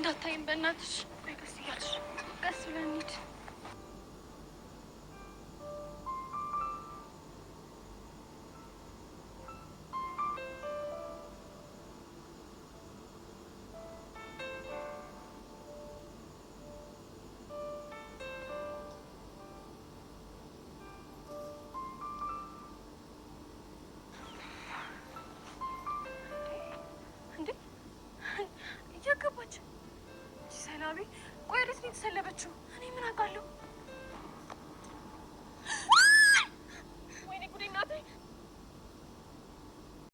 እንዳታይም በእናትሽ። ቀስ እያልሽ ቀስ ብለን እንሂድ ያለችው? እኔ ምን አውቃለሁ?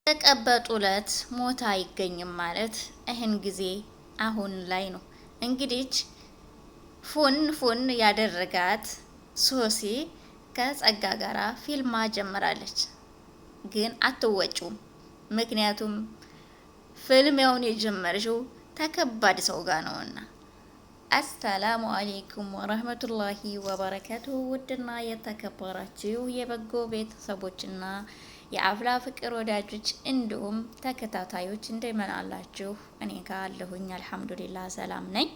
ተቀበጡ ለት ሞታ አይገኝም ማለት ይህን ጊዜ አሁን ላይ ነው እንግዲህ ፉን ፉን ያደረጋት ሶሲ ከጸጋ ጋር ፊልማ ጀምራለች። ግን አትወጪውም። ምክንያቱም ፍልሚያውን የጀመርሽው ተከባድ ሰው ጋር ነውና አሰላሙ አሌይኩም ወረህመቱላሂ ወበረከቱ። ውድና የተከበራችሁ የበጎ ቤተሰቦችና የአፍላ ፍቅር ወዳጆች እንዲሁም ተከታታዮች እንደምን አላችሁ? እኔ ጋር አለሁኝ አልሐምዱሊላህ ሰላም ነኝ።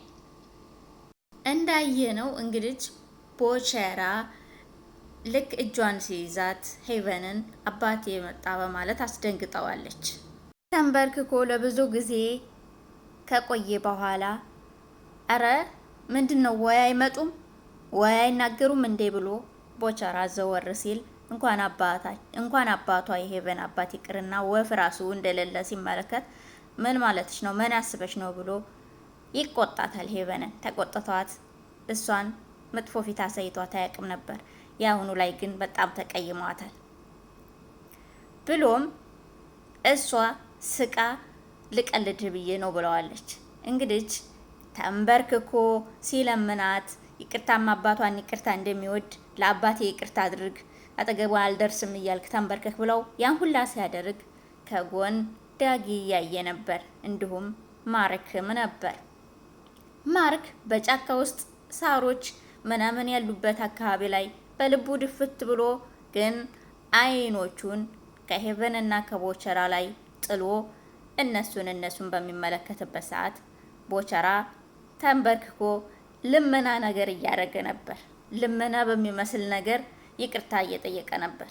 እንዳየነው እንግዲህ ቦቸራ ልክ እጇን ሲይዛት ሄቨንን አባቴ የመጣ በማለት አስደንግጠዋለች። ተንበርክኮ ለብዙ ጊዜ ከቆየ በኋላ ኧረ ምንድን ነው ወይ አይመጡም ወይ አይናገሩም እንዴ ብሎ ቦቸራ ዘወር ሲል እንኳን አባታ እንኳን አባቷ የሄቨን አባት ይቅርና ወፍ ራሱ እንደሌለ ሲመለከት ምን ማለትሽ ነው? ምን አስበሽ ነው? ብሎ ይቆጣታል። ሄቨንን ተቆጥቷት እሷን መጥፎ ፊት አሳይቷት አያውቅም ነበር። የአሁኑ ላይ ግን በጣም ተቀይሟታል። ብሎም እሷ ስቃ ልቀልድ ብዬ ነው ብለዋለች። እንግዲህ ተንበርክኮ ሲለምናት ይቅርታማ አባቷን ይቅርታ እንደሚወድ ለአባቴ ይቅርታ አድርግ፣ አጠገቧ አልደርስም እያልክ ተንበርክክ ብለው ያን ሁላ ሲያደርግ ከጎን ዳጊ እያየ ነበር፣ እንዲሁም ማርክም ነበር። ማርክ በጫካ ውስጥ ሳሮች ምናምን ያሉበት አካባቢ ላይ በልቡ ድፍት ብሎ ግን አይኖቹን ከሄቨንና ከቦቸራ ላይ ጥሎ እነሱን እነሱን በሚመለከትበት ሰዓት ቦቸራ ተንበርክኮ ልመና ነገር እያደረገ ነበር። ልመና በሚመስል ነገር ይቅርታ እየጠየቀ ነበር።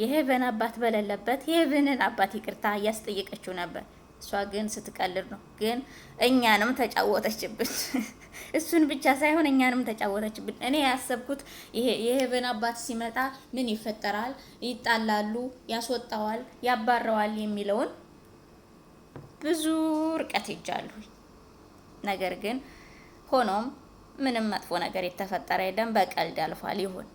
የሄቨን አባት በሌለበት የሄቨንን አባት ይቅርታ እያስጠየቀችው ነበር። እሷ ግን ስትቀልድ ነው። ግን እኛንም ተጫወተችብን። እሱን ብቻ ሳይሆን እኛንም ተጫወተችብን። እኔ ያሰብኩት የሄቨን አባት ሲመጣ ምን ይፈጠራል፣ ይጣላሉ፣ ያስወጣዋል፣ ያባረዋል የሚለውን ብዙ ርቀት ይጃሉ። ነገር ግን ሆኖም ምንም መጥፎ ነገር የተፈጠረ የለም። በቀልድ አልፏል። ይሁን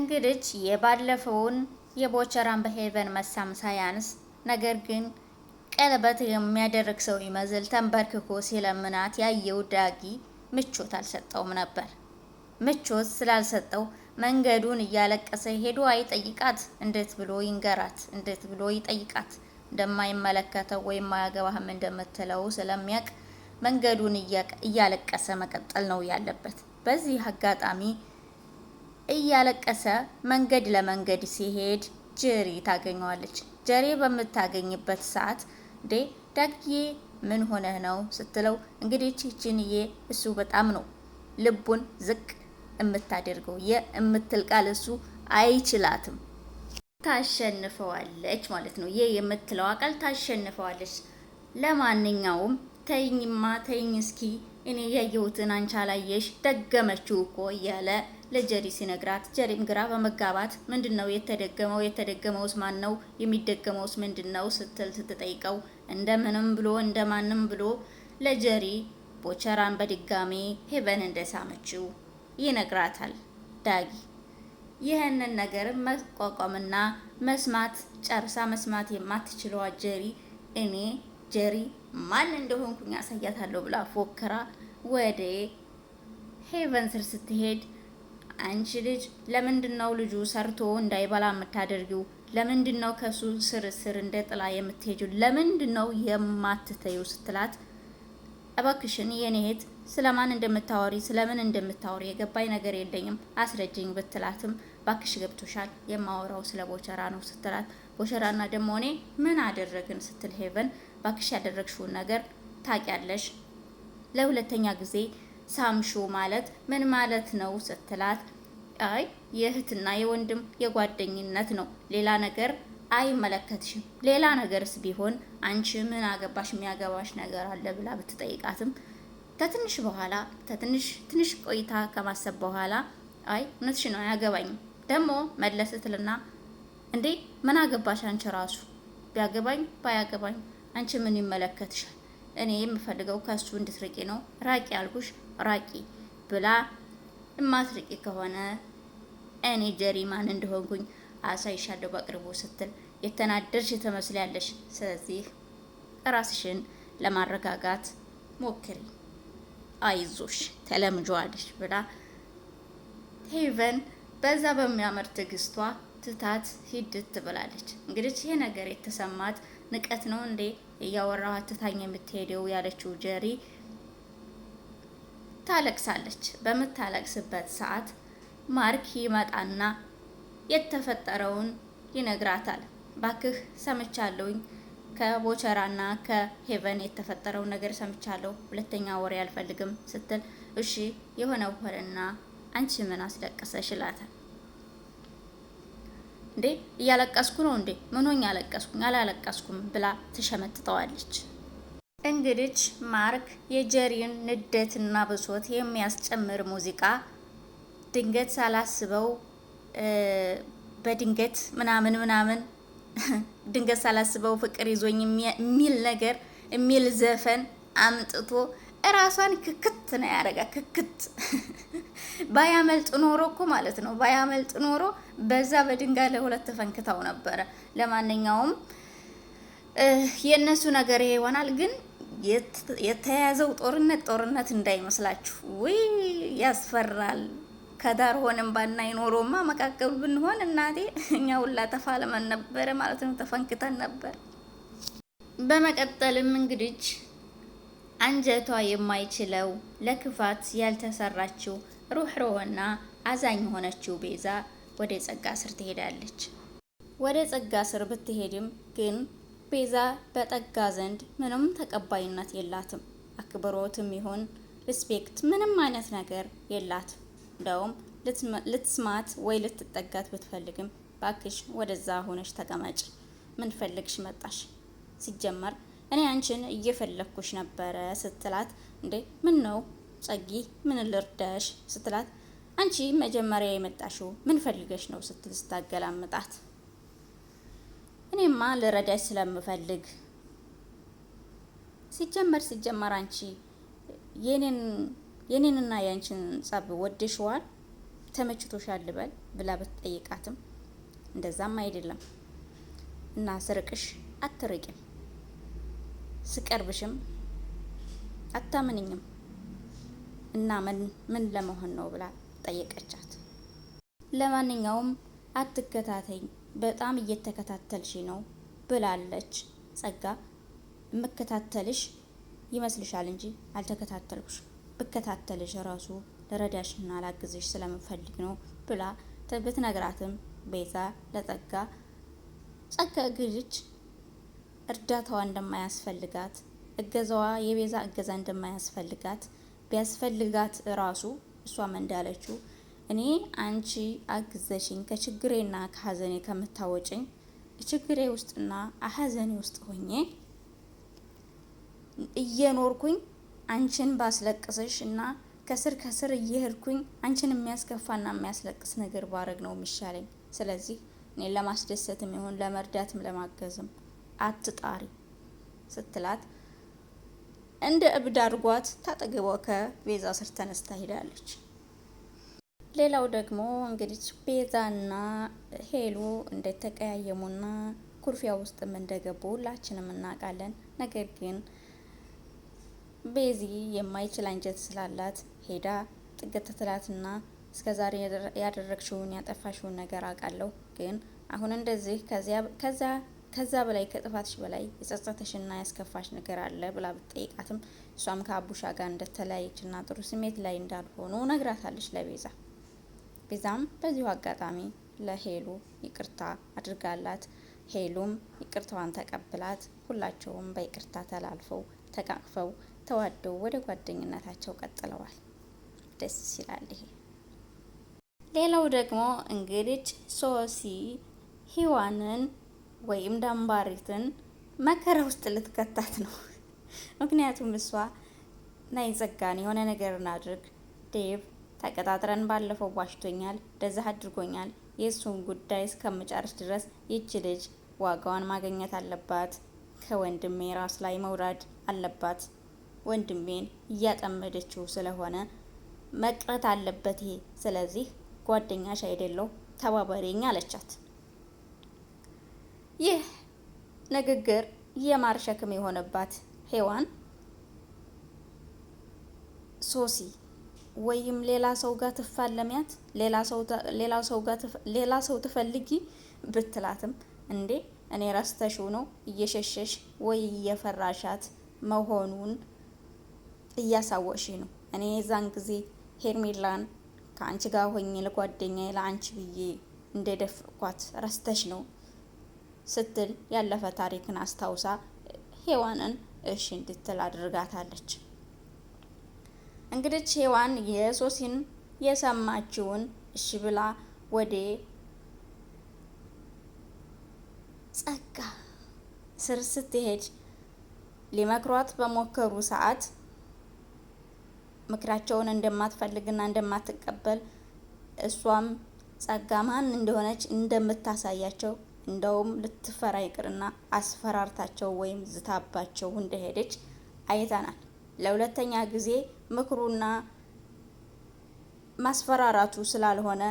እንግዲህ የባለፈውን የቦቸራን በሄቨን መሳም ሳያንስ ነገር ግን ቀለበት የሚያደርግ ሰው ይመስል ተንበርክኮ ሲለምናት ያየው ዳጊ ምቾት አልሰጠውም ነበር። ምቾት ስላልሰጠው መንገዱን እያለቀሰ ሄዶ አይጠይቃት፣ እንዴት ብሎ ይንገራት? እንዴት ብሎ ይጠይቃት? እንደማይመለከተው ወይም አያገባህም እንደምትለው ስለሚያውቅ መንገዱን እያለቀሰ መቀጠል ነው ያለበት። በዚህ አጋጣሚ እያለቀሰ መንገድ ለመንገድ ሲሄድ ጀሪ ታገኘዋለች። ጀሪ በምታገኝበት ሰዓት እንዴ ዳግዬ ምን ሆነህ ነው ስትለው፣ እንግዲህ ቺቺንዬ እሱ በጣም ነው ልቡን ዝቅ የምታደርገው የምትል ቃል እሱ አይችላትም። ታሸንፈዋለች ማለት ነው። ይህ የምትለው አቃል ታሸንፈዋለች። ለማንኛውም ተይኝማ ተይኝ እስኪ እኔ ያየሁትን አንቺ አላየሽ ደገመችው እኮ እያለ ለጀሪ ሲነግራት ጀሪም ግራ በመጋባት ምንድን ነው የተደገመው? የተደገመውስ ማን ነው? የሚደገመውስ ምንድን ነው ስትል ስትጠይቀው እንደምንም ብሎ እንደማንም ብሎ ለጀሪ ቦቸራን በድጋሜ ሄቨን እንደሳመችው ይነግራታል። ዳጊ ይህንን ነገር መቋቋምና መስማት ጨርሳ መስማት የማትችለዋ ጀሪ እኔ ጀሪ ማን እንደሆንኩኝ አሳያታለሁ ብላ ፎከራ ወደ ሄቨን ስር ስትሄድ አንቺ ልጅ ለምንድን ነው ልጁ ሰርቶ እንዳይበላ የምታደርጊው? ለምንድን ነው ከሱ ስር ስር እንደ ጥላ የምትሄጂው? ለምንድን ነው የማትተዩ ስትላት እባክሽን የኔ እህት ስለማን እንደምታወሪ ስለምን እንደምታወሪ የገባኝ ነገር የለኝም አስረጅኝ ብትላትም ባክሽ ገብቶሻል የማወራው ስለ ቦቸራ ነው ስትላት ቦቸራና ደግሞ እኔ ምን አደረግን ስትል ሄቨን ባክሽ ያደረግሽውን ነገር ታውቂያለሽ። ለሁለተኛ ጊዜ ሳምሹ ማለት ምን ማለት ነው ስትላት አይ የእህትና የወንድም የጓደኝነት ነው፣ ሌላ ነገር አይመለከትሽም። ሌላ ነገርስ ቢሆን አንቺ ምን አገባሽ? የሚያገባሽ ነገር አለ ብላ ብትጠይቃትም ከትንሽ በኋላ ከትንሽ ትንሽ ቆይታ ከማሰብ በኋላ አይ እውነትሽ ነው አያገባኝም ደግሞ መለስትልና እንዴ ምን አገባሽ አንቺ ራሱ ቢያገባኝ ባያገባኝ አንቺ ምን ይመለከትሻል? እኔ የምፈልገው ከሱ እንድትርቂ ነው። ራቂ አልኩሽ ራቂ ብላ እማትርቂ ከሆነ እኔ ጀሪማን እንደሆንኩኝ አሳይሻለሁ በቅርቡ ስትል የተናደድሽ ትመስላለሽ። ስለዚህ ራስሽን ለማረጋጋት ሞክሪ፣ አይዞሽ ተለምጇዋለሽ ብላ ሄቨን በዛ በሚያምር ትዕግስቷ ትታት ሂድት ትብላለች። እንግዲህ ይሄ ነገር የተሰማት ንቀት ነው እንዴ እያወራ አትታኝ የምትሄደው ያለችው ጀሪ ታለቅሳለች። በምታለቅስበት ሰዓት ማርክ ይመጣና የተፈጠረውን ይነግራታል። ባክህ ሰምቻለሁኝ ከቦቸራና ከሄቨን የተፈጠረው ነገር ሰምቻለሁ፣ ሁለተኛ ወሬ አልፈልግም ስትል እሺ የሆነ ሆነና አንቺ ምን አስለቀሰሽ ይላታል። እንዴ እያለቀስኩ ነው እንዴ ምንሆኝ ያለቀስኩኝ አላለቀስኩም ብላ ትሸመጥጠዋለች። እንግዲች ማርክ የጀሪን ንዴትና ብሶት የሚያስጨምር ሙዚቃ ድንገት ሳላስበው በድንገት ምናምን ምናምን ድንገት ሳላስበው ፍቅር ይዞኝ የሚል ነገር የሚል ዘፈን አምጥቶ ራሷን ክክት ነው ያደረጋ። ክክት ባያመልጥ ኖሮ እኮ ማለት ነው ባያመልጥ ኖሮ በዛ በድንጋይ ለሁለት ተፈንክተው ነበረ። ለማንኛውም የእነሱ ነገር ይሄ ይሆናል። ግን የተያዘው ጦርነት ጦርነት እንዳይመስላችሁ። ውይ ያስፈራል። ከዳር ሆነን ባናይ ኖሮማ መካከሉ ብንሆን እናቴ እኛ ሁላ ተፋለመን ነበረ ማለት ነው። ተፈንክተን ነበር። በመቀጠልም እንግዲህ አንጀቷ የማይችለው ለክፋት ያልተሰራችው ሩህሩህና አዛኝ የሆነችው ቤዛ ወደ ጸጋ ስር ትሄዳለች። ወደ ጸጋ ስር ብትሄድም ግን ቤዛ በጠጋ ዘንድ ምንም ተቀባይነት የላትም። አክብሮትም ይሁን ሪስፔክት ምንም አይነት ነገር የላትም። እንደውም ልትስማት ወይ ልትጠጋት ብትፈልግም ባክሽ ወደዛ ሆነሽ ተቀመጭ፣ ምን ፈልግሽ መጣሽ? ሲጀመር እኔ አንቺን እየፈለግኩሽ ነበረ ስትላት፣ እንዴ ምን ነው ጸጊ ምን ልርዳሽ ስትላት፣ አንቺ መጀመሪያ የመጣሽው ምን ፈልገሽ ነው ስትል ስታገላምጣት፣ እኔማ ልረዳሽ ስለምፈልግ ሲጀመር ሲጀመር አንቺ የኔንና የአንቺን ጸብ ወደሽዋል ተመችቶሻል ልበል ብላ ብትጠይቃትም እንደዛም አይደለም እና ስርቅሽ አትርቂም ስቀርብሽም አታምንኝም እና ምን ምን ለመሆን ነው ብላ ጠየቀቻት። ለማንኛውም አትከታተኝ፣ በጣም እየተከታተልሽ ነው ብላለች ጸጋ። የምከታተልሽ ይመስልሻል እንጂ አልተከታተልኩሽ። ብከታተልሽ ራሱ ልረዳሽና ላግዝሽ ስለምፈልግ ነው ብላ ብትነግራትም ቤዛ ለጸጋ ጸጋ ግልች እርዳታዋ እንደማያስፈልጋት እገዛዋ የቤዛ እገዛ እንደማያስፈልጋት ቢያስፈልጋት ራሱ እሷም እንዳለችው እኔ አንቺ አግዘሽኝ ከችግሬና ከሀዘኔ ከምታወጭኝ ችግሬ ውስጥና ሀዘኔ ውስጥ ሆኜ እየኖርኩኝ አንቺን ባስለቅስሽ እና ከስር ከስር እየሄድኩኝ አንቺን የሚያስከፋና የሚያስለቅስ ነገር ባረግ ነው የሚሻለኝ። ስለዚህ እኔን ለማስደሰትም ይሁን ለመርዳትም ለማገዝም አትጣሪ ስትላት እንደ እብድ አድርጓት ታጠገቧ ከቤዛ ስር ተነስታ ሄዳለች። ሌላው ደግሞ እንግዲህ ቤዛና ሄሉ እንደተቀያየሙና ኩርፊያ ውስጥም እንደገቡ ሁላችንም እናውቃለን። ነገር ግን ቤዚ የማይችል አንጀት ስላላት ሄዳ ጥገት ትላትና እስከ ዛሬ ያደረግሽውን ያጠፋሽውን ነገር አውቃለሁ፣ ግን አሁን እንደዚህ ከዚያ ከዛ በላይ ከጥፋትሽ በላይ የጸጸተሽና ያስከፋሽ ነገር አለ ብላ ብትጠይቃትም እሷም ከአቡሻ ጋር እንደተለያየችና ጥሩ ስሜት ላይ እንዳልሆኑ ነግራታለች ለቤዛ። ቤዛም በዚሁ አጋጣሚ ለሄሉ ይቅርታ አድርጋላት፣ ሄሉም ይቅርታዋን ተቀብላት፣ ሁላቸውም በይቅርታ ተላልፈው ተቃቅፈው ተዋደው ወደ ጓደኝነታቸው ቀጥለዋል። ደስ ይላል። ይሄ ሌላው ደግሞ እንግዲህ ሶሲ ሂዋንን ወይም ዳምባሪትን መከራ ውስጥ ልትከታት ነው። ምክንያቱም እሷ ናይ ጸጋን የሆነ ነገር እናድርግ ዴቭ ተቀጣጥረን ባለፈው ዋሽቶኛል፣ እንደዚህ አድርጎኛል። የእሱን ጉዳይ እስከምጨርስ ድረስ ይቺ ልጅ ዋጋዋን ማግኘት አለባት። ከወንድሜ ራስ ላይ መውራድ አለባት። ወንድሜን እያጠመደችው ስለሆነ መቅረት አለበት ይሄ። ስለዚህ ጓደኛሽ አይደለው ተባበሬኝ አለቻት። ይህ ንግግር የማር ሸክም የሆነባት ሔዋን ሶሲ ወይም ሌላ ሰው ጋር ትፋለሚያት ሌላ ሰው ትፈልጊ ብትላትም እንዴ እኔ ረስተሽው ነው እየሸሸሽ ወይ እየፈራሻት መሆኑን እያሳወሽ ነው። እኔ የዛን ጊዜ ሄርሜላን ከአንቺ ጋር ሆኜ ለጓደኛዬ ለአንቺ ብዬ እንደደፍኳት ረስተሽ ነው ስትል ያለፈ ታሪክን አስታውሳ ሄዋንን እሺ እንድትል አድርጋታለች። እንግዲህ ሄዋን የሶሲን የሰማችውን እሺ ብላ ወደ ጸጋ ስር ስትሄድ ሊመክሯት በሞከሩ ሰዓት ምክራቸውን እንደማትፈልግና እንደማትቀበል እሷም ጸጋ ማን እንደሆነች እንደምታሳያቸው እንደውም ልትፈራ ይቅርና አስፈራርታቸው ወይም ዝታባቸው እንደሄደች አይተናል። ለሁለተኛ ጊዜ ምክሩና ማስፈራራቱ ስላልሆነ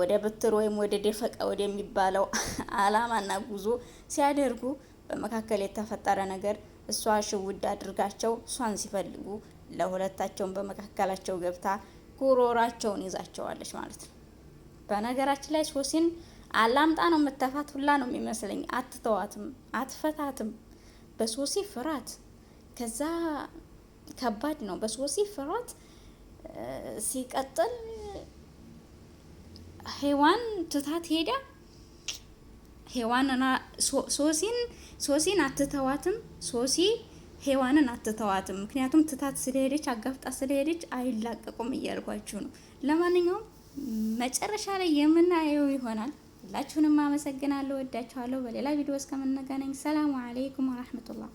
ወደ ብትር ወይም ወደ ደፈቀ ወደሚባለው አላማና ጉዞ ሲያደርጉ በመካከል የተፈጠረ ነገር እሷ ሽውድ አድርጋቸው እሷን ሲፈልጉ ለሁለታቸውን በመካከላቸው ገብታ ጉሮራቸውን ይዛቸዋለች ማለት ነው። በነገራችን ላይ ሶሲን አላምጣ ነው የምተፋት ሁላ ነው የሚመስለኝ። አትተዋትም፣ አትፈታትም። በሶሲ ፍራት ከዛ ከባድ ነው። በሶሲ ፍራት ሲቀጥል ሄዋን ትታት ሄዳ ሄዋንና ሶሲን ሶሲን አትተዋትም። ሶሲ ሄዋንን አትተዋትም። ምክንያቱም ትታት ስለሄደች አጋፍጣ ስለሄደች አይላቀቁም እያልኳችሁ ነው። ለማንኛውም መጨረሻ ላይ የምናየው ይሆናል። ሁላችሁንም አመሰግናለሁ። ወዳችኋለሁ። በሌላ ቪዲዮ እስከምንገናኝ ሰላሙ አሌይኩም ወራህመቱላህ